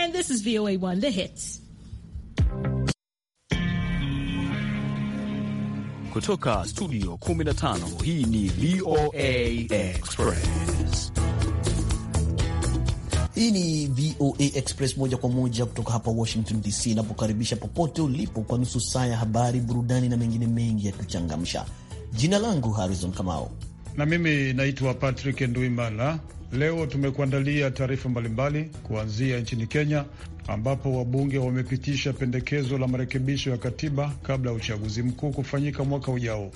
And this is VOA1, the hits. Kutoka studio 15 hii ni VOA Express. Hii ni VOA Express moja kwa moja kutoka hapa Washington DC, inapokaribisha popote ulipo kwa nusu saa ya habari, burudani na mengine mengi ya kuchangamsha. Jina langu Harrison Kamau na mimi naitwa Patrick Nduimana. Leo tumekuandalia taarifa mbalimbali kuanzia nchini Kenya ambapo wabunge wamepitisha pendekezo la marekebisho ya katiba kabla ya uchaguzi mkuu kufanyika mwaka ujao.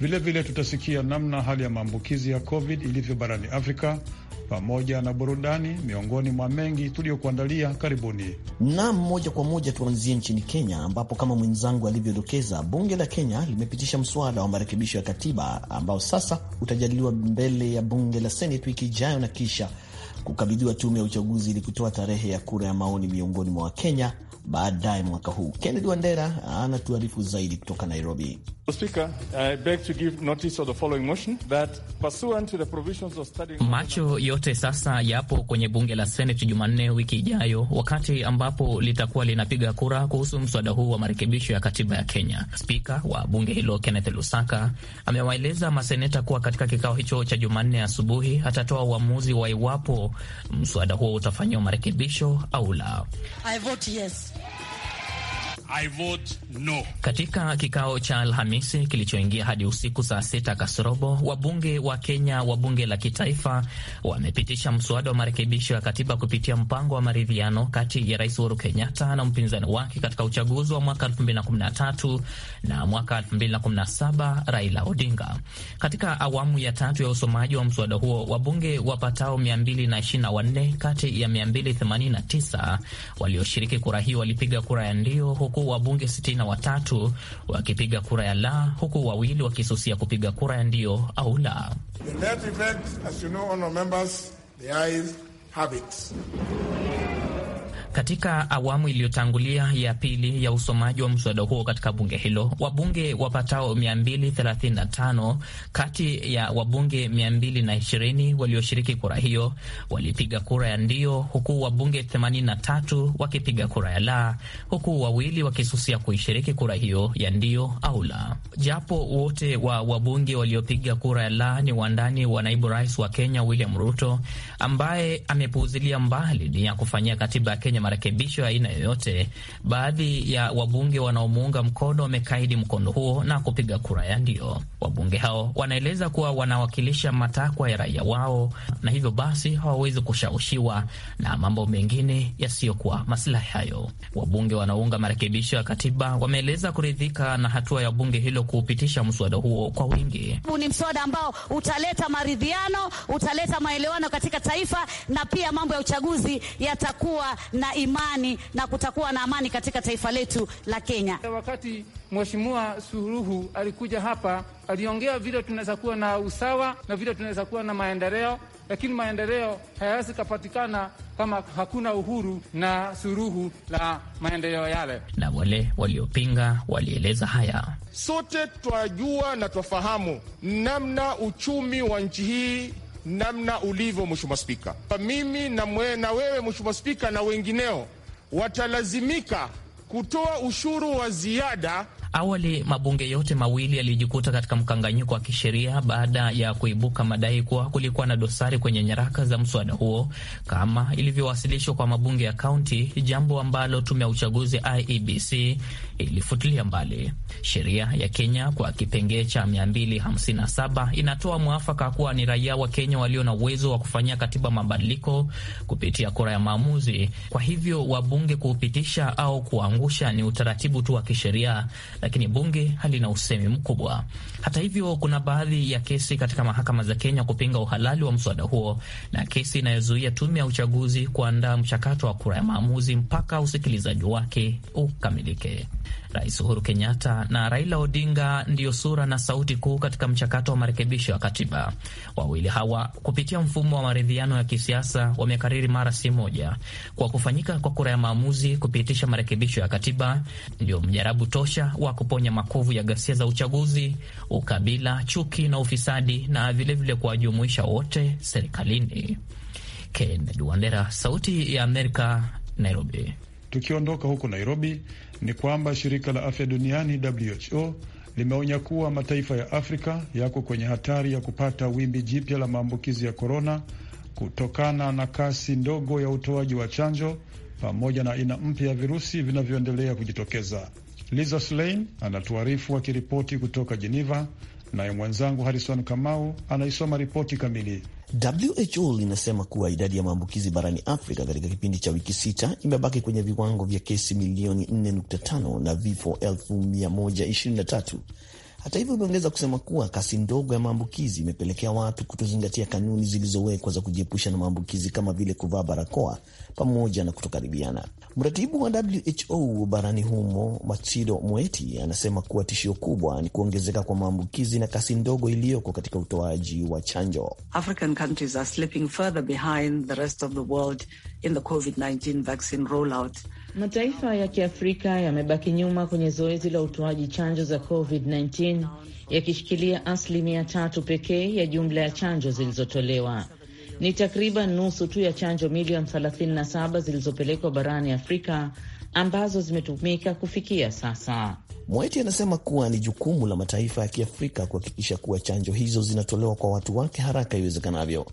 Vilevile tutasikia namna hali ya maambukizi ya COVID ilivyo barani Afrika pamoja na burudani miongoni mwa mengi tuliyokuandalia. Karibuni nam. Moja kwa moja tuanzie nchini Kenya, ambapo kama mwenzangu alivyodokeza, bunge la Kenya limepitisha mswada wa marekebisho ya katiba ambao sasa utajadiliwa mbele ya bunge la senet wiki ijayo na kisha kukabidhiwa tume ya uchaguzi ili kutoa tarehe ya kura ya maoni miongoni mwa Wakenya baadaye mwaka huu. Kennedy Wandera anatuarifu zaidi kutoka Nairobi. Macho yote sasa yapo kwenye bunge la Seneti Jumanne wiki ijayo, wakati ambapo litakuwa linapiga kura kuhusu mswada huu wa marekebisho ya katiba ya Kenya. Spika wa bunge hilo Kenneth Lusaka amewaeleza maseneta kuwa katika kikao hicho cha Jumanne asubuhi atatoa uamuzi wa iwapo mswada huo utafanyiwa marekebisho au la. I vote yes. I vote no. Katika kikao cha Alhamisi kilichoingia hadi usiku saa sita kasorobo, wabunge wa Kenya wa bunge la kitaifa wamepitisha mswada wa marekebisho ya katiba kupitia mpango wa maridhiano kati ya Rais Uhuru Kenyatta na mpinzani wake katika uchaguzi wa mwaka 2013 na mwaka 2017 Raila Odinga. Katika awamu ya tatu ya usomaji wa mswada huo, wabunge wapatao 224 kati ya 289 walioshiriki kura hiyo walipiga kura ya ndio, huku wabunge sitini na watatu wakipiga kura ya la, huku wawili wakisusia kupiga kura ya ndio au la. The katika awamu iliyotangulia ya pili ya usomaji wa mswada huo katika bunge hilo, wabunge wapatao 235 kati ya wabunge 220 walioshiriki kura hiyo walipiga kura ya ndio, huku wabunge 83 wakipiga kura ya la, huku wawili wakisusia kuishiriki kura hiyo ya ndio au la. Japo wote wa wabunge waliopiga kura ya la ni wandani wa naibu rais wa Kenya William Ruto, ambaye amepuuzilia mbali ni ya kufanyia katiba ya Kenya marekebisho ya aina yoyote, baadhi ya wabunge wanaomuunga mkono wamekaidi mkondo huo na kupiga kura ya ndio. Wabunge hao wanaeleza kuwa wanawakilisha matakwa ya raia wao na hivyo basi hawawezi kushawishiwa na mambo mengine yasiyokuwa masilahi hayo. Wabunge wanaounga marekebisho ya katiba wameeleza kuridhika na hatua ya bunge hilo kuupitisha mswada huo kwa wingi. Ni mswada ambao utaleta maridhiano, utaleta maelewano katika taifa na pia mambo ya uchaguzi yatakuwa na imani na kutakuwa na amani katika taifa letu la Kenya. Wakati Mheshimiwa Suluhu alikuja hapa, aliongea vile tunaweza kuwa na usawa na vile tunaweza kuwa na maendeleo, lakini maendeleo hayawezi kupatikana kama hakuna uhuru na suluhu la maendeleo yale. Na wale waliopinga walieleza haya: sote twajua na twafahamu namna uchumi wa nchi hii namna ulivyo, Mheshimiwa Spika. Mimi na, mwe, na wewe Mheshimiwa Spika na wengineo watalazimika kutoa ushuru wa ziada Awali mabunge yote mawili yalijikuta katika mkanganyiko wa kisheria baada ya kuibuka madai kuwa kulikuwa na dosari kwenye nyaraka za mswada huo kama ilivyowasilishwa kwa mabunge ya kaunti, jambo ambalo tume ya uchaguzi IEBC ilifutilia mbali. Sheria ya Kenya kwa kipengee cha 257 inatoa mwafaka kuwa ni raia wa Kenya walio na uwezo wa kufanyia katiba mabadiliko kupitia kura ya maamuzi. Kwa hivyo wabunge kuupitisha au kuangusha ni utaratibu tu wa kisheria lakini bunge halina usemi mkubwa. Hata hivyo, kuna baadhi ya kesi katika mahakama za Kenya kupinga uhalali wa mswada huo na kesi inayozuia tume ya uchaguzi kuandaa mchakato wa kura ya maamuzi mpaka usikilizaji wake ukamilike. Rais Uhuru Kenyatta na Raila Odinga ndiyo sura na sauti kuu katika mchakato wa marekebisho ya katiba. Wawili hawa kupitia mfumo wa maridhiano ya kisiasa wamekariri mara si moja kwa kufanyika kwa kura ya maamuzi kupitisha marekebisho ya katiba ndiyo mjarabu tosha wa kuponya makovu ya ghasia za uchaguzi, ukabila, chuki na ufisadi na vilevile kuwajumuisha wote serikalini. Ken Wandera, Sauti ya Amerika, Nairobi. Tukiondoka huko Nairobi, ni kwamba shirika la afya duniani WHO limeonya kuwa mataifa ya Afrika yako kwenye hatari ya kupata wimbi jipya la maambukizi ya korona kutokana na kasi ndogo ya utoaji wa chanjo pamoja na aina mpya ya virusi vinavyoendelea kujitokeza. Lisa Schlein anatuarifu akiripoti kutoka Geneva, naye mwenzangu Harrison Kamau anaisoma ripoti kamili. WHO linasema kuwa idadi ya maambukizi barani Afrika katika kipindi cha wiki sita imebaki kwenye viwango vya kesi milioni 4.5 na vifo 123 hata hivyo, umeongeza kusema kuwa kasi ndogo ya maambukizi imepelekea watu kutozingatia kanuni zilizowekwa za kujiepusha na maambukizi kama vile kuvaa barakoa pamoja na kutokaribiana. Mratibu wa WHO barani humo Matshidiso Moeti anasema kuwa tishio kubwa ni kuongezeka kwa maambukizi na kasi ndogo iliyoko katika utoaji wa chanjo. African countries are slipping further behind the rest of the world in the COVID-19 vaccine rollout. Mataifa ya Kiafrika yamebaki nyuma kwenye zoezi la utoaji chanjo za COVID-19 yakishikilia asilimia tatu pekee ya jumla ya chanjo zilizotolewa. Ni takriban nusu tu ya chanjo milioni 37 zilizopelekwa barani Afrika ambazo zimetumika kufikia sasa. Mweti anasema kuwa ni jukumu la mataifa ya Kiafrika kuhakikisha kuwa chanjo hizo zinatolewa kwa watu wake haraka iwezekanavyo.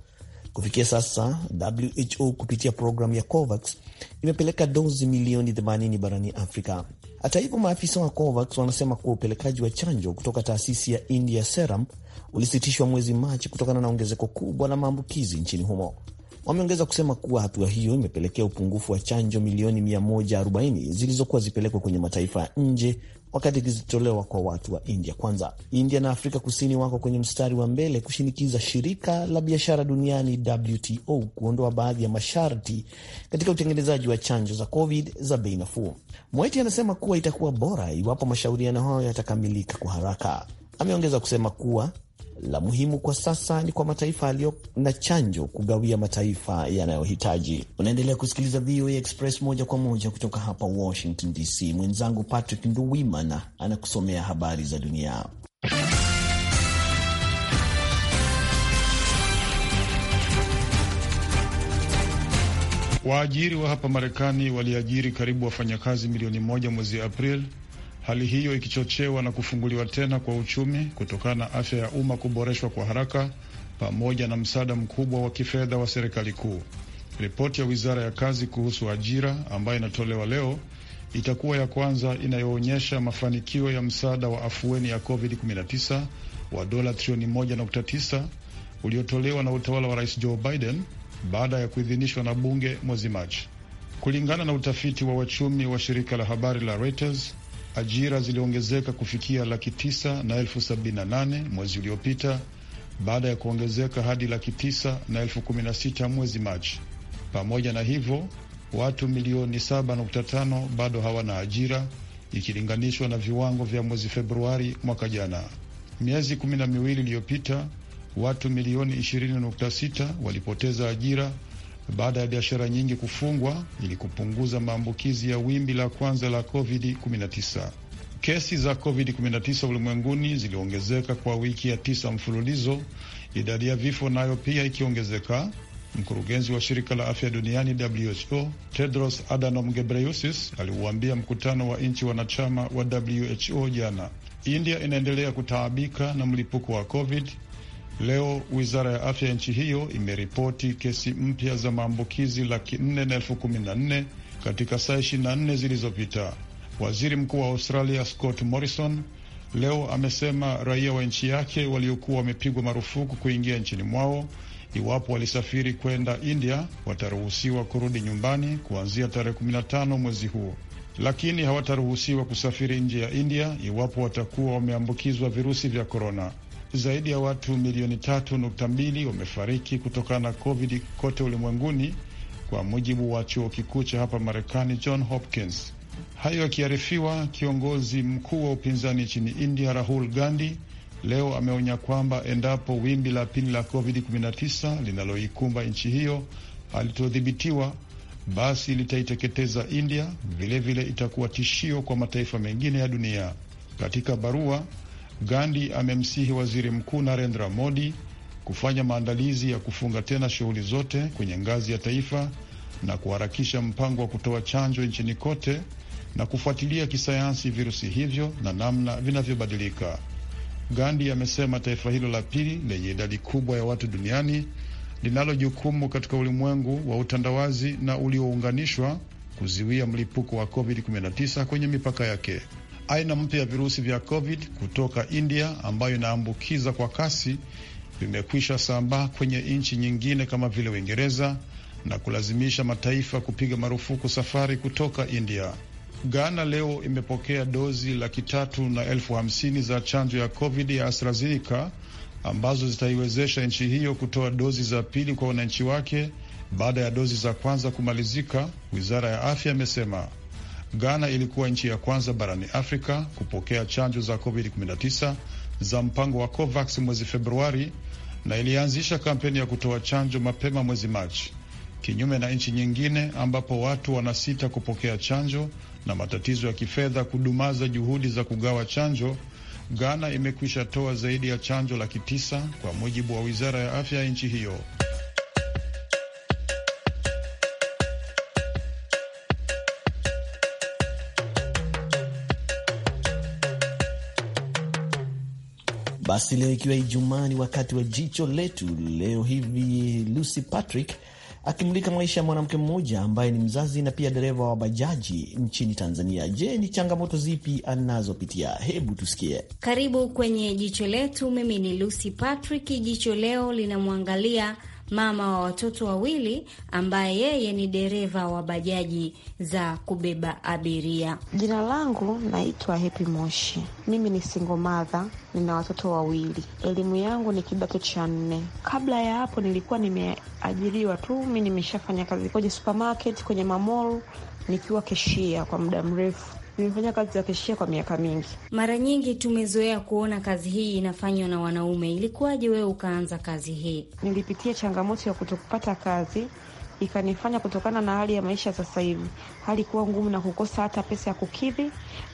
Kufikia sasa WHO kupitia programu ya COVAX imepeleka dozi milioni 80 barani Afrika. Hata hivyo, maafisa wa COVAX wanasema kuwa upelekaji wa chanjo kutoka taasisi ya India Serum ulisitishwa mwezi Machi kutokana na ongezeko kubwa la maambukizi nchini humo. Wameongeza kusema kuwa hatua hiyo imepelekea upungufu wa chanjo milioni 140 zilizokuwa zipelekwa kwenye mataifa ya nje wakati ikizitolewa kwa watu wa India kwanza. India na Afrika Kusini wako kwenye mstari wa mbele kushinikiza shirika la biashara duniani WTO kuondoa baadhi ya masharti katika utengenezaji wa chanjo za COVID za bei nafuu. Mweti anasema kuwa itakuwa bora iwapo mashauriano hayo yatakamilika kwa haraka. Ameongeza kusema kuwa la muhimu kwa sasa ni kwa mataifa yaliyo na chanjo kugawia mataifa yanayohitaji. Unaendelea kusikiliza VOA Express moja kwa moja kutoka hapa Washington DC. Mwenzangu Patrick Nduwimana anakusomea habari za dunia. Waajiri wa hapa Marekani waliajiri karibu wafanyakazi milioni moja mwezi Aprili hali hiyo ikichochewa na kufunguliwa tena kwa uchumi kutokana na afya ya umma kuboreshwa kwa haraka pamoja na msaada mkubwa wa kifedha wa serikali kuu. Ripoti ya wizara ya kazi kuhusu ajira ambayo inatolewa leo itakuwa ya kwanza inayoonyesha mafanikio ya msaada wa afueni ya COVID-19 wa dola trilioni 1.9 uliotolewa na utawala wa Rais Joe Biden baada ya kuidhinishwa na bunge mwezi Machi. Kulingana na utafiti wa wachumi wa shirika la habari la Reuters, Ajira ziliongezeka kufikia laki tisa na elfu sabini na nane mwezi uliopita baada ya kuongezeka hadi laki tisa na elfu kumi na sita mwezi Machi. Pamoja na hivyo, watu milioni 7.5 bado hawana ajira ikilinganishwa na viwango vya mwezi Februari mwaka jana. Miezi kumi na miwili iliyopita watu milioni 20.6 walipoteza ajira baada ya biashara nyingi kufungwa ili kupunguza maambukizi ya wimbi la kwanza la COVID-19. Kesi za COVID-19 ulimwenguni ziliongezeka kwa wiki ya tisa mfululizo, idadi ya vifo nayo pia ikiongezeka. Mkurugenzi wa shirika la afya duniani WHO Tedros Adhanom Ghebreyesus aliuambia mkutano wa nchi wanachama wa WHO jana, India inaendelea kutaabika na mlipuko wa COVID Leo wizara ya afya ya nchi hiyo imeripoti kesi mpya za maambukizi laki nne na elfu kumi na nne katika saa 24 zilizopita. Waziri mkuu wa Australia Scott Morrison leo amesema raia wa nchi yake waliokuwa wamepigwa marufuku kuingia nchini mwao, iwapo walisafiri kwenda India, wataruhusiwa kurudi nyumbani kuanzia tarehe 15 mwezi huo, lakini hawataruhusiwa kusafiri nje ya India iwapo watakuwa wameambukizwa virusi vya korona. Zaidi ya watu milioni tatu nukta mbili wamefariki kutokana na COVID kote ulimwenguni kwa mujibu wa chuo kikuu cha hapa Marekani John Hopkins. Hayo akiarifiwa, kiongozi mkuu wa upinzani nchini India Rahul Gandhi leo ameonya kwamba endapo wimbi la pili la COVID-19 linaloikumba nchi hiyo halitodhibitiwa, basi litaiteketeza India, vilevile vile itakuwa tishio kwa mataifa mengine ya dunia. Katika barua Gandhi amemsihi waziri mkuu Narendra Modi kufanya maandalizi ya kufunga tena shughuli zote kwenye ngazi ya taifa na kuharakisha mpango wa kutoa chanjo nchini kote na kufuatilia kisayansi virusi hivyo na namna vinavyobadilika. Gandhi amesema taifa hilo la pili lenye idadi kubwa ya watu duniani linalo jukumu katika ulimwengu wa utandawazi na uliounganishwa kuziwia mlipuko wa COVID-19 kwenye mipaka yake aina mpya ya virusi vya COVID kutoka India ambayo inaambukiza kwa kasi vimekwisha sambaa kwenye nchi nyingine kama vile Uingereza na kulazimisha mataifa kupiga marufuku safari kutoka India. Ghana leo imepokea dozi laki tatu na elfu hamsini za chanjo ya COVID ya AstraZeneca ambazo zitaiwezesha nchi hiyo kutoa dozi za pili kwa wananchi wake baada ya dozi za kwanza kumalizika, wizara ya afya imesema. Ghana ilikuwa nchi ya kwanza barani Afrika kupokea chanjo za COVID-19 za mpango wa COVAX mwezi Februari na ilianzisha kampeni ya kutoa chanjo mapema mwezi Machi, kinyume na nchi nyingine ambapo watu wanasita kupokea chanjo na matatizo ya kifedha kudumaza juhudi za kugawa chanjo. Ghana imekwisha toa zaidi ya chanjo laki tisa kwa mujibu wa wizara ya afya ya nchi hiyo. Basi leo ikiwa Ijumaa ni wakati wa jicho letu leo hivi, Lucy Patrick akimulika maisha ya mwanamke mmoja ambaye ni mzazi na pia dereva wa bajaji nchini Tanzania. Je, ni changamoto zipi anazopitia? Hebu tusikie. Karibu kwenye jicho letu. Mimi ni Lucy Patrick. Jicho leo linamwangalia mama wa watoto wawili ambaye yeye ni dereva wa bajaji za kubeba abiria. Jina langu naitwa Hepi Moshi. Mimi ni single mother, nina watoto wawili. Elimu yangu ni kidato cha nne. Kabla ya hapo nilikuwa nimeajiriwa tu, mi nimeshafanya kazi kwenye supermarket, kwenye mamol nikiwa keshia kwa muda mrefu nimefanya kazi za kishia kwa miaka mingi. Mara nyingi tumezoea kuona kazi hii inafanywa na wanaume. Ilikuwaje wewe ukaanza kazi hii? Nilipitia changamoto ya kutokupata kazi ikanifanya kutokana na hali ya maisha sasa hivi hali kuwa ngumu na kukosa hata pesa ya kukidhi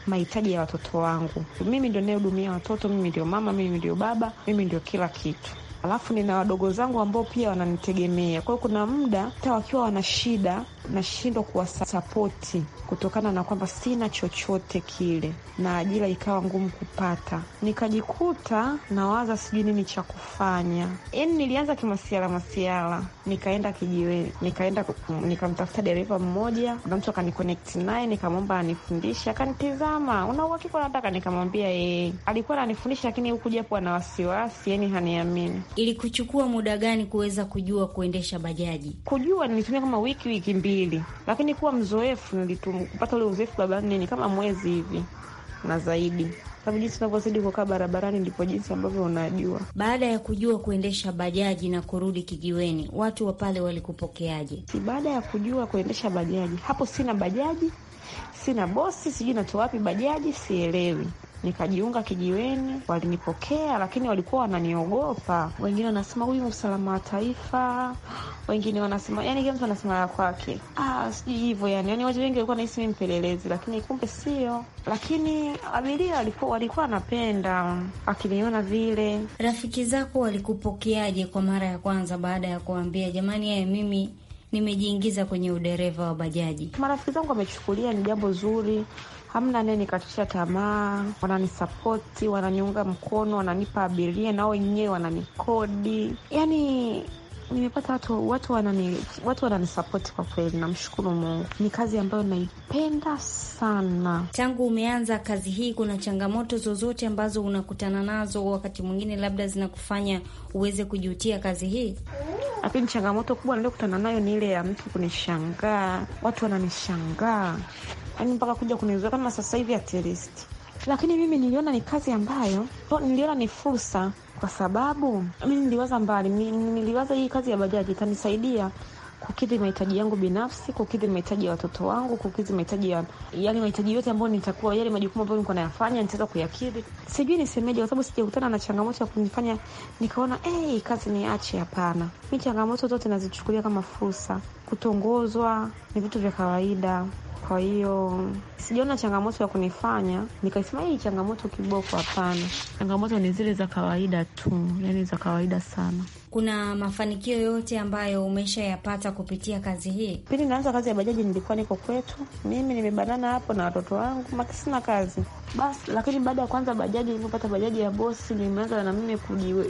mahitaji ya watoto wangu. Mimi ndio nayehudumia watoto, mimi ndio mama, mimi ndio baba, mimi ndio kila kitu alafu nina wadogo zangu ambao pia wananitegemea. Kwa hiyo kuna muda hata wakiwa wana shida nashindwa kuwasapoti kutokana na kwamba sina chochote kile, na ajira ikawa ngumu kupata, nikajikuta nawaza sijui nini cha kufanya. Yani nilianza kimasiala masiala, nikaenda kijiweni, nikaenda nikamtafuta dereva mmoja, kuna mtu akanikonekti naye, nikamwomba anifundishe. Akanitizama, una uhakika unataka? Nikamwambia yeye. Eh. Alikuwa ananifundisha, lakini huku japo ana wasiwasi, yani haniamini ili kuchukua muda gani kuweza kujua kuendesha bajaji? Kujua nilitumia kama wiki wiki mbili, lakini kuwa mzoefu nilitum, kupata ule uzoefu barabarani ni kama mwezi hivi na zaidi sababu jinsi unavyozidi kukaa barabarani ndipo jinsi ambavyo unajua. Baada ya kujua kuendesha bajaji na kurudi kijiweni, watu wa pale walikupokeaje? Baada ya kujua kuendesha bajaji, hapo sina bajaji, sina bosi, sijui natoa wapi bajaji, sielewi nikajiunga kijiweni, walinipokea, lakini walikuwa wananiogopa. Wengine wanasema huyu usalama wa taifa, wengine wanasema yani, kila mtu anasema ya kwake, ah, sijui hivyo yani. Yani watu wengi walikuwa nahisi mi mpelelezi, lakini kumbe sio. Lakini abiria walikuwa walikuwa wanapenda akiniona vile. Rafiki zako walikupokeaje kwa mara ya kwanza baada ya kuambia jamani, yeye eh, mimi nimejiingiza kwenye udereva wa bajaji? Marafiki zangu wamechukulia ni jambo zuri hamna nikatisha tamaa, wananisapoti, wananiunga mkono, wananipa abiria, nao wenyewe wananikodi, yani nimepata watu watu wanani watu wananisapoti kwa kweli, namshukuru Mungu. Ni kazi ambayo naipenda sana. Tangu umeanza kazi hii, kuna changamoto zozote ambazo unakutana nazo, wakati mwingine labda zinakufanya uweze kujutia kazi hii? Lakini changamoto kubwa niliokutana nayo ni ile ya mtu kunishangaa, watu wananishangaa yani mpaka kuja kunizuia kama sasa hivi at least. Lakini mimi niliona ni kazi ambayo niliona ni fursa, kwa sababu mi niliwaza mbali, niliwaza hii kazi ya bajaji itanisaidia kukidhi mahitaji yangu binafsi, kukidhi mahitaji ya watoto wangu, kukidhi mahitaji ya yani mahitaji yote ambayo nitakuwa, yale majukumu ambayo nilikuwa nayafanya nitaweza kuyakidhi. Sijui nisemeje, kwa sababu sijakutana na changamoto ya kunifanya nikaona hey, kazi niache. Hapana, mi changamoto zote nazichukulia kama fursa. Kutongozwa ni vitu vya kawaida. Kwa hiyo sijaona changamoto ya kunifanya nikasema hii changamoto kiboko, hapana. Changamoto ni zile za kawaida tu, yani za kawaida sana. Kuna mafanikio yote ambayo umeshayapata kupitia kazi hii? Pindi naanza kazi ya bajaji nilikuwa niko kwetu, mimi nimebanana hapo na watoto wangu, makisina kazi basi. Lakini baada ya kwanza bajaji, nilipopata bajaji ya bosi, nimeanza na mimi kujiwe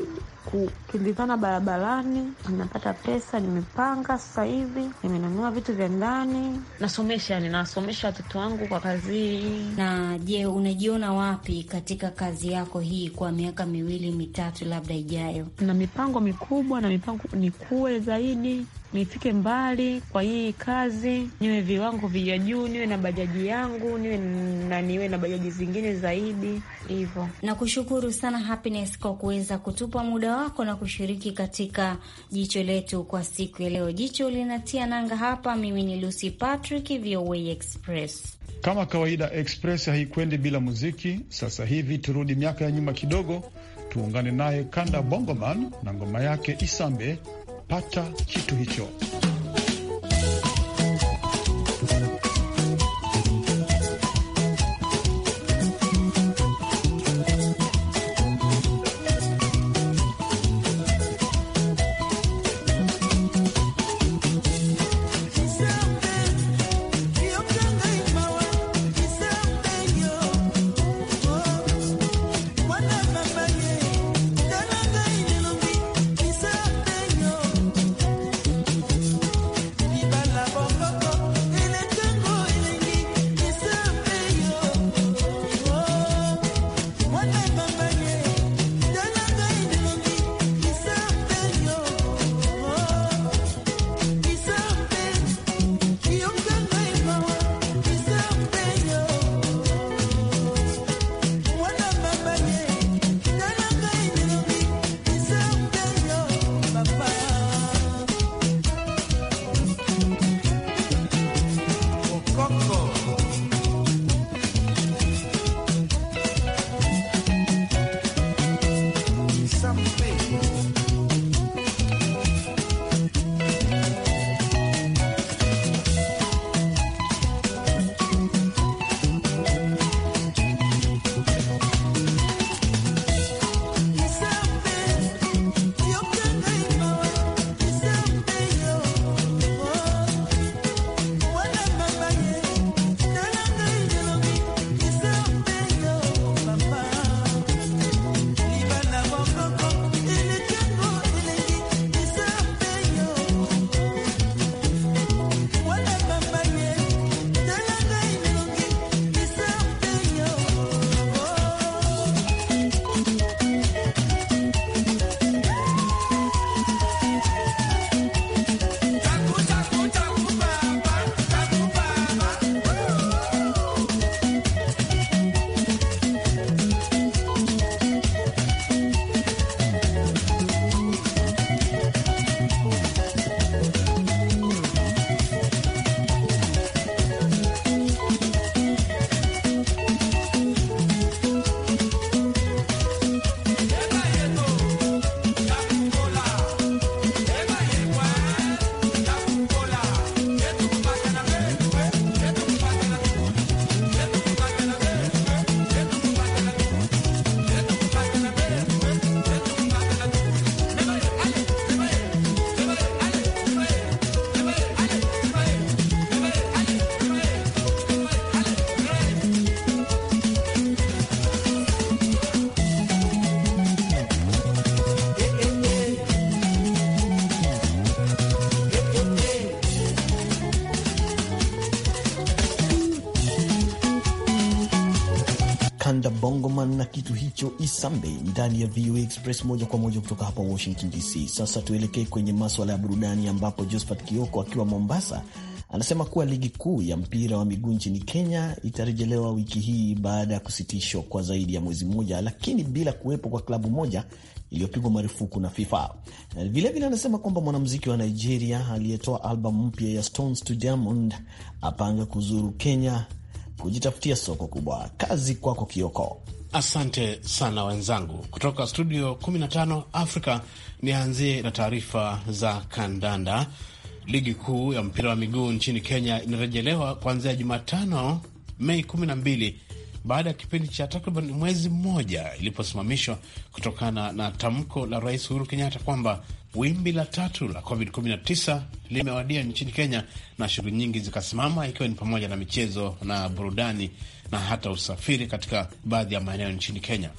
kukimbizana barabarani, ninapata pesa, nimepanga sasa hivi, nimenunua vitu vya ndani, nasomesha, yani nawasomesha watoto wangu kwa kazi. Na je, unajiona wapi katika kazi yako hii kwa miaka miwili mitatu labda ijayo? Na mipango mikubwa na mipango ni kuwe zaidi nifike mbali kwa hii kazi, niwe viwango vya juu, niwe na bajaji yangu, niwe na niwe na bajaji zingine zaidi hivyo. Nakushukuru sana Happiness kwa kuweza kutupa muda wako na kushiriki katika jicho letu kwa siku ya leo. Jicho linatia nanga hapa. Mimi ni Lucy Patrick, VOA Express. Kama kawaida, Express haikwendi bila muziki. Sasa hivi turudi miaka ya nyuma kidogo, tuungane naye Kanda Bongoman na ngoma yake Isambe watapata kitu hicho. Joe Sambe ndani ya VOA Express moja kwa moja kutoka hapa Washington DC. Sasa tuelekee kwenye maswala ya burudani, ambapo Josephat Kioko akiwa Mombasa anasema kuwa ligi kuu ya mpira wa miguu nchini Kenya itarejelewa wiki hii baada ya kusitishwa kwa zaidi ya mwezi mmoja, lakini bila kuwepo kwa klabu moja iliyopigwa marufuku na FIFA. Vilevile anasema kwamba mwanamuziki wa Nigeria aliyetoa albamu mpya ya Stones to Diamond apanga kuzuru Kenya kujitafutia soko kubwa. Kazi kwako Kioko. Asante sana wenzangu kutoka studio 15 Afrika. Nianzie na taarifa za kandanda. Ligi kuu ya mpira wa miguu nchini Kenya inarejelewa kuanzia Jumatano Mei 12 baada ya kipindi cha takriban mwezi mmoja iliposimamishwa kutokana na tamko la Rais Uhuru Kenyatta kwamba wimbi la tatu la COVID-19 limewadia nchini Kenya na shughuli nyingi zikasimama, ikiwa ni pamoja na michezo na burudani na hata usafiri katika baadhi ya maeneo nchini Kenya.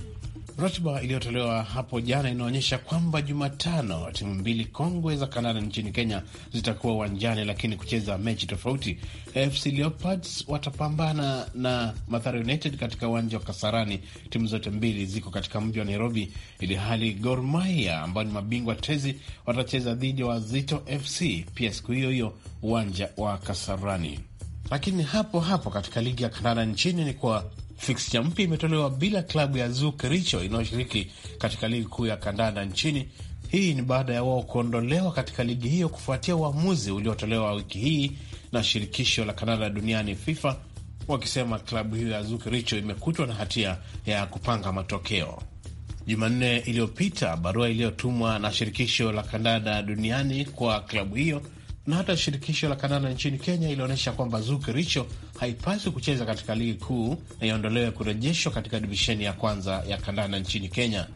Ratiba iliyotolewa hapo jana inaonyesha kwamba Jumatano timu mbili kongwe za Kanada nchini Kenya zitakuwa uwanjani, lakini kucheza mechi tofauti. AFC Leopards watapambana na Mathare United katika uwanja wa Kasarani. Timu zote mbili ziko katika mji wa Nairobi, ili hali Gor Mahia ambao ni mabingwa tezi watacheza dhidi ya wa Wazito FC pia siku hiyo hiyo, uwanja wa Kasarani. Lakini hapo hapo katika ligi ya kandanda nchini ni kuwa fiksa mpya imetolewa bila klabu ya zukericho inayoshiriki katika ligi kuu ya kandanda nchini. Hii ni baada ya wao kuondolewa katika ligi hiyo kufuatia uamuzi uliotolewa wiki hii na shirikisho la kandanda duniani FIFA, wakisema klabu hiyo ya zukericho imekutwa na hatia ya kupanga matokeo. Jumanne iliyopita, barua iliyotumwa na shirikisho la kandanda duniani kwa klabu hiyo na hata shirikisho la kandanda nchini Kenya ilionyesha kwamba Zuki Richo haipaswi kucheza katika ligi kuu na iondolewe kurejeshwa katika divisheni ya kwanza ya kandanda nchini Kenya.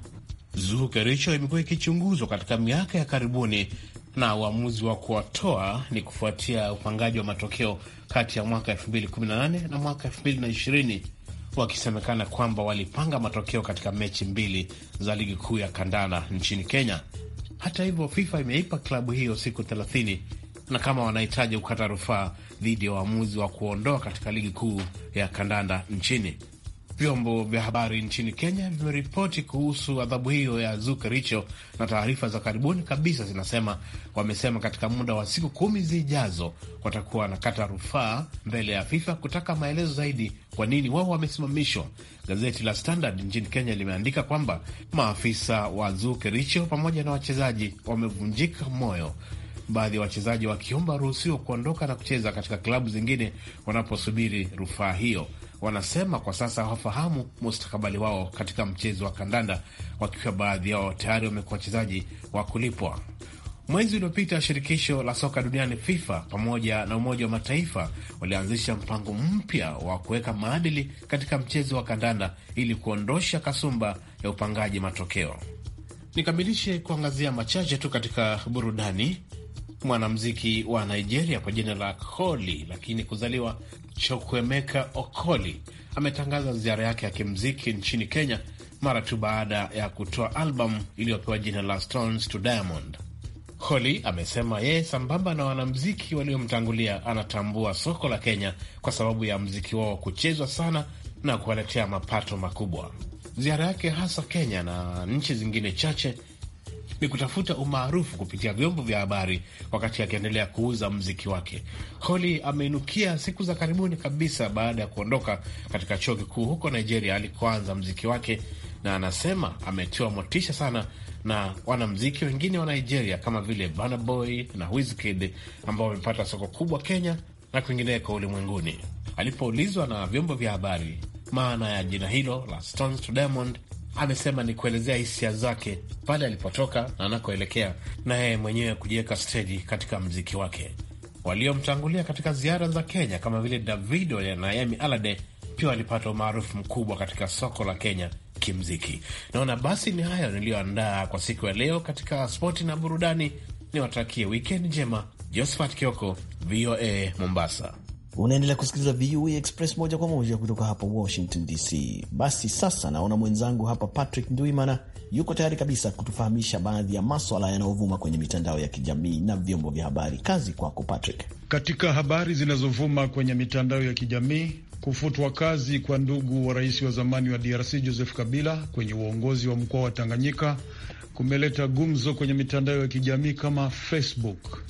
Zuki Richo imekuwa ikichunguzwa katika miaka ya karibuni na uamuzi wa kuwatoa ni kufuatia upangaji wa matokeo kati ya mwaka 2018 na mwaka 2020 wakisemekana kwamba walipanga matokeo katika mechi mbili za ligi kuu ya kandanda nchini Kenya. Hata hivyo, FIFA imeipa klabu hiyo siku 30 na kama wanahitaji kukata rufaa dhidi ya uamuzi wa kuondoa katika ligi kuu ya kandanda nchini. Vyombo vya habari nchini Kenya vimeripoti kuhusu adhabu hiyo ya zukericho Richo, na taarifa za karibuni kabisa zinasema wamesema katika muda wa siku kumi zijazo watakuwa wanakata rufaa mbele ya FIFA kutaka maelezo zaidi kwa nini wao wamesimamishwa. Gazeti la Standard nchini Kenya limeandika kwamba maafisa wa zukericho Richo pamoja na wachezaji wamevunjika moyo baadhi ya wachezaji wakiomba ruhusiwa kuondoka na kucheza katika klabu zingine wanaposubiri rufaa hiyo. Wanasema kwa sasa hawafahamu mustakabali wao katika mchezo wa kandanda, wakiwa baadhi yao tayari wamekuwa wachezaji wa kulipwa. Mwezi uliopita shirikisho la soka duniani FIFA pamoja na Umoja wa Mataifa walianzisha mpango mpya wa kuweka maadili katika mchezo wa kandanda ili kuondosha kasumba ya upangaji matokeo. Nikamilishe kuangazia machache tu katika burudani mwanamziki wa Nigeria kwa jina la Koli lakini kuzaliwa chokwemeka Okoli ametangaza ziara yake ya kimziki nchini Kenya mara tu baada ya kutoa albamu iliyopewa jina la Stones to Diamond. Koli amesema yeye sambamba na wanamziki waliomtangulia anatambua soko la Kenya kwa sababu ya mziki wao kuchezwa sana na kuwaletea mapato makubwa. Ziara yake hasa Kenya na nchi zingine chache ni kutafuta umaarufu kupitia vyombo vya habari wakati akiendelea kuuza mziki wake. Holly ameinukia siku za karibuni kabisa baada ya kuondoka katika chuo kikuu huko Nigeria alikoanza mziki wake, na anasema ametiwa motisha sana na wanamziki wengine wa Nigeria kama vile Burna Boy na Wizkid ambao wamepata soko kubwa Kenya na kwingineko ulimwenguni. Alipoulizwa na vyombo vya habari maana ya jina hilo la Stones to Diamond, amesema ni kuelezea hisia zake pale alipotoka na anakoelekea, na yeye mwenyewe kujiweka steji katika mziki wake. Waliomtangulia katika ziara za Kenya kama vile Davido na Yemi Alade pia walipata umaarufu mkubwa katika soko la Kenya kimziki. Naona basi ni hayo niliyoandaa kwa siku ya leo katika spoti na burudani. Niwatakie wikendi njema. Josephat Kioko, VOA Mombasa. Unaendelea kusikiliza VOA e Express moja kwa moja kutoka hapa Washington DC. Basi sasa naona mwenzangu hapa Patrick Ndwimana yuko tayari kabisa kutufahamisha baadhi ya maswala yanayovuma kwenye mitandao ya kijamii na vyombo vya habari. Kazi kwako Patrick. Katika habari zinazovuma kwenye mitandao ya kijamii, kufutwa kazi kwa ndugu wa rais wa zamani wa DRC Joseph Kabila kwenye uongozi wa mkoa wa Tanganyika kumeleta gumzo kwenye mitandao ya kijamii kama Facebook.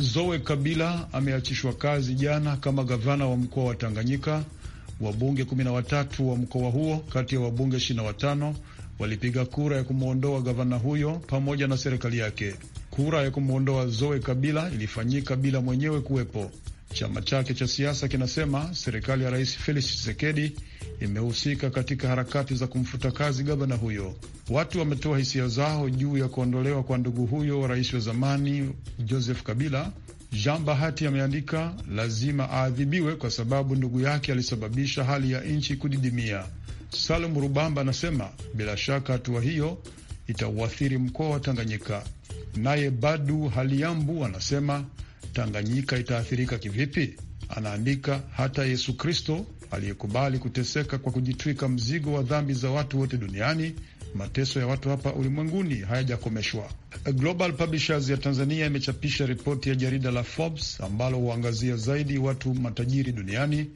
Zoe Kabila ameachishwa kazi jana kama gavana wa mkoa wa Tanganyika. Wabunge 13 wa mkoa huo kati ya wabunge 25 walipiga kura ya kumwondoa gavana huyo pamoja na serikali yake. Kura ya kumwondoa Zoe Kabila ilifanyika bila mwenyewe kuwepo. Chama chake cha siasa kinasema serikali ya Rais Felix Tshisekedi imehusika katika harakati za kumfuta kazi gavana huyo. Watu wametoa hisia zao juu ya kuondolewa kwa ndugu huyo rais wa zamani Joseph Kabila. Jean Bahati ameandika, lazima aadhibiwe kwa sababu ndugu yake alisababisha hali ya nchi kudidimia. Salum Rubamba anasema bila shaka hatua hiyo itauathiri mkoa wa Tanganyika. Naye Badu Haliambu anasema Tanganyika itaathirika kivipi? Anaandika, hata Yesu Kristo aliyekubali kuteseka kwa kujitwika mzigo wa dhambi za watu wote duniani, mateso ya watu hapa ulimwenguni hayajakomeshwa. Global Publishers ya Tanzania imechapisha ripoti ya jarida la Forbes ambalo huangazia zaidi watu matajiri duniani.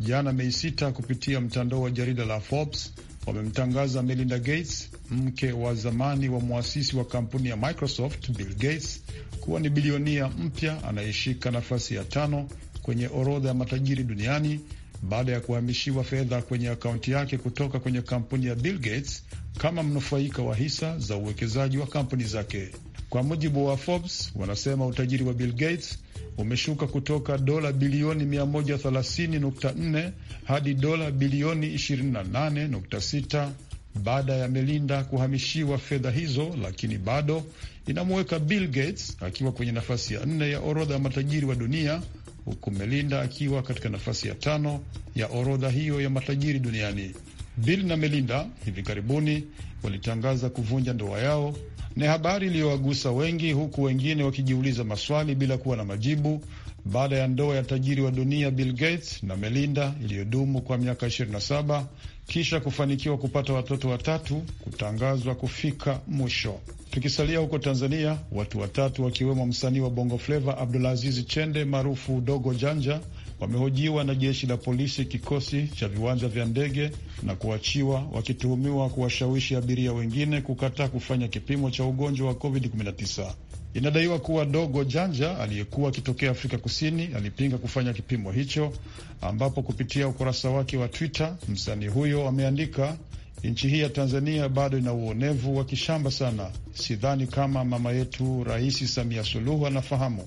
Jana Mei sita, kupitia mtandao wa jarida la Forbes wamemtangaza Melinda Gates, mke wa zamani wa mwasisi wa kampuni ya Microsoft Bill Gates, kuwa ni bilionia mpya anayeshika nafasi ya tano kwenye orodha ya matajiri duniani baada ya kuhamishiwa fedha kwenye akaunti yake kutoka kwenye kampuni ya Bill Gates kama mnufaika wa hisa za uwekezaji wa kampuni zake. Kwa mujibu wa Forbes, wanasema utajiri wa Bill Gates umeshuka kutoka dola bilioni 130.4 hadi dola bilioni 28.6 baada ya Melinda kuhamishiwa fedha hizo, lakini bado inamuweka Bill Gates akiwa kwenye nafasi ya nne ya orodha ya matajiri wa dunia huku Melinda akiwa katika nafasi ya tano ya orodha hiyo ya matajiri duniani. Bill na Melinda hivi karibuni walitangaza kuvunja ndoa yao. Ni habari iliyowagusa wengi, huku wengine wakijiuliza maswali bila kuwa na majibu baada ya ndoa ya tajiri wa dunia Bill Gates na Melinda iliyodumu kwa miaka 27 kisha kufanikiwa kupata watoto watatu kutangazwa kufika mwisho. Tukisalia huko Tanzania, watu watatu wakiwemo msanii wa Bongo Fleva Abdulaziz Chende maarufu Dogo Janja wamehojiwa na jeshi la polisi kikosi cha viwanja vya ndege na kuachiwa wakituhumiwa kuwashawishi abiria wengine kukataa kufanya kipimo cha ugonjwa wa COVID-19. Inadaiwa kuwa Dogo Janja aliyekuwa akitokea Afrika Kusini alipinga kufanya kipimo hicho, ambapo kupitia ukurasa wake wa Twitter msanii huyo ameandika, nchi hii ya Tanzania bado ina uonevu wa kishamba sana. Sidhani kama mama yetu Rais Samia Suluhu anafahamu.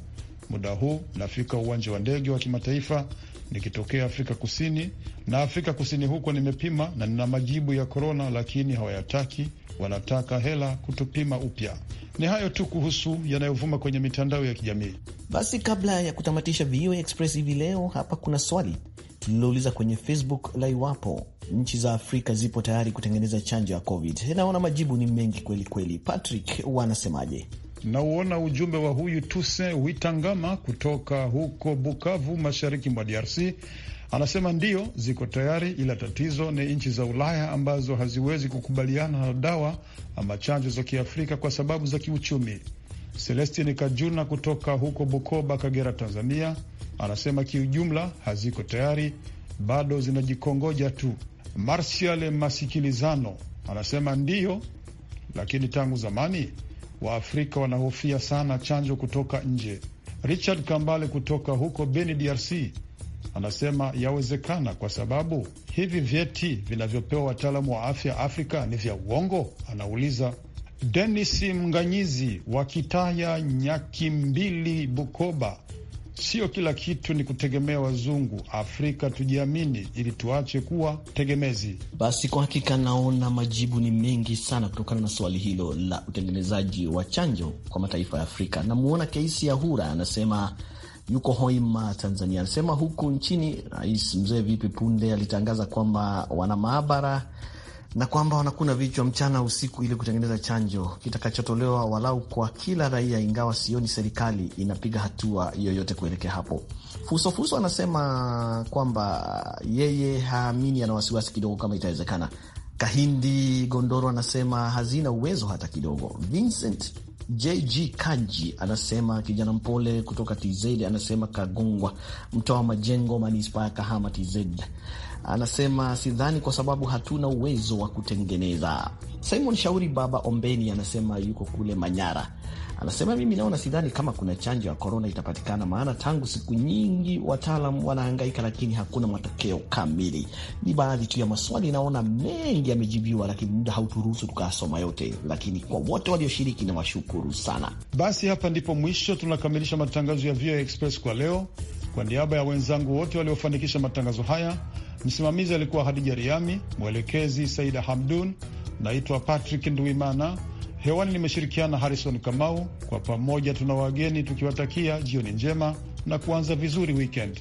Muda huu nafika uwanja wa ndege wa kimataifa nikitokea Afrika Kusini, na Afrika Kusini huko nimepima na nina majibu ya korona, lakini hawayataki, wanataka hela kutupima upya. Ni hayo tu kuhusu yanayovuma kwenye mitandao ya kijamii. Basi kabla ya kutamatisha VOA Express hivi leo, hapa kuna swali tulilouliza kwenye Facebook la iwapo nchi za Afrika zipo tayari kutengeneza chanjo ya COVID. Naona majibu ni mengi kweli kweli. Patrick, wanasemaje? Nauona ujumbe wa huyu Tuse Witangama kutoka huko Bukavu, mashariki mwa DRC Anasema ndio ziko tayari, ila tatizo ni nchi za Ulaya ambazo haziwezi kukubaliana na dawa ama chanjo za Kiafrika kwa sababu za kiuchumi. Celestini Kajuna kutoka huko Bukoba, Kagera, Tanzania, anasema kiujumla haziko tayari, bado zinajikongoja tu. Marsial Masikilizano anasema ndiyo, lakini tangu zamani Waafrika wanahofia sana chanjo kutoka nje. Richard Kambale kutoka huko Beni, DRC Anasema yawezekana kwa sababu hivi vyeti vinavyopewa wataalamu wa afya Afrika ni vya uongo. Anauliza. Denis Mnganyizi wa Kitaya nyaki mbili Bukoba. Sio kila kitu ni kutegemea wazungu. Afrika tujiamini, ili tuache kuwa tegemezi. Basi kwa hakika, naona majibu ni mengi sana kutokana na swali hilo la utengenezaji wa chanjo kwa mataifa ya Afrika. Namwona Keisi yahura anasema yuko Hoima, Tanzania, anasema huku nchini Rais Mzee Vipi punde alitangaza kwamba wana maabara na kwamba wanakuna vichwa mchana usiku ili kutengeneza chanjo kitakachotolewa walau kwa kila raia, ingawa sioni serikali inapiga hatua yoyote kuelekea hapo. Fusofuso anasema kwamba yeye haamini, ana wasiwasi kidogo kama itawezekana. Kahindi Gondoro anasema hazina uwezo hata kidogo. Vincent JG Kaji anasema kijana mpole kutoka TZ anasema Kagongwa, mtoa wa Majengo, manispaa ya Kahama, TZ anasema sidhani kwa sababu hatuna uwezo wa kutengeneza. Simon Shauri baba Ombeni anasema yuko kule Manyara. Anasema, mimi naona sidhani kama kuna chanjo ya korona itapatikana, maana tangu siku nyingi wataalam wanahangaika, lakini hakuna matokeo kamili. Ni baadhi tu ya maswali, naona mengi yamejibiwa, lakini muda hauturuhusu tukayasoma yote, lakini kwa wote walioshiriki na washukuru sana. Basi hapa ndipo mwisho tunakamilisha matangazo ya VOA Express kwa leo. Kwa niaba ya wenzangu wote waliofanikisha matangazo haya, msimamizi alikuwa Hadija Riami, mwelekezi Saida Hamdun, naitwa Patrick Nduimana Hewani nimeshirikiana Harrison Kamau. Kwa pamoja tuna wageni tukiwatakia jioni njema na kuanza vizuri weekend.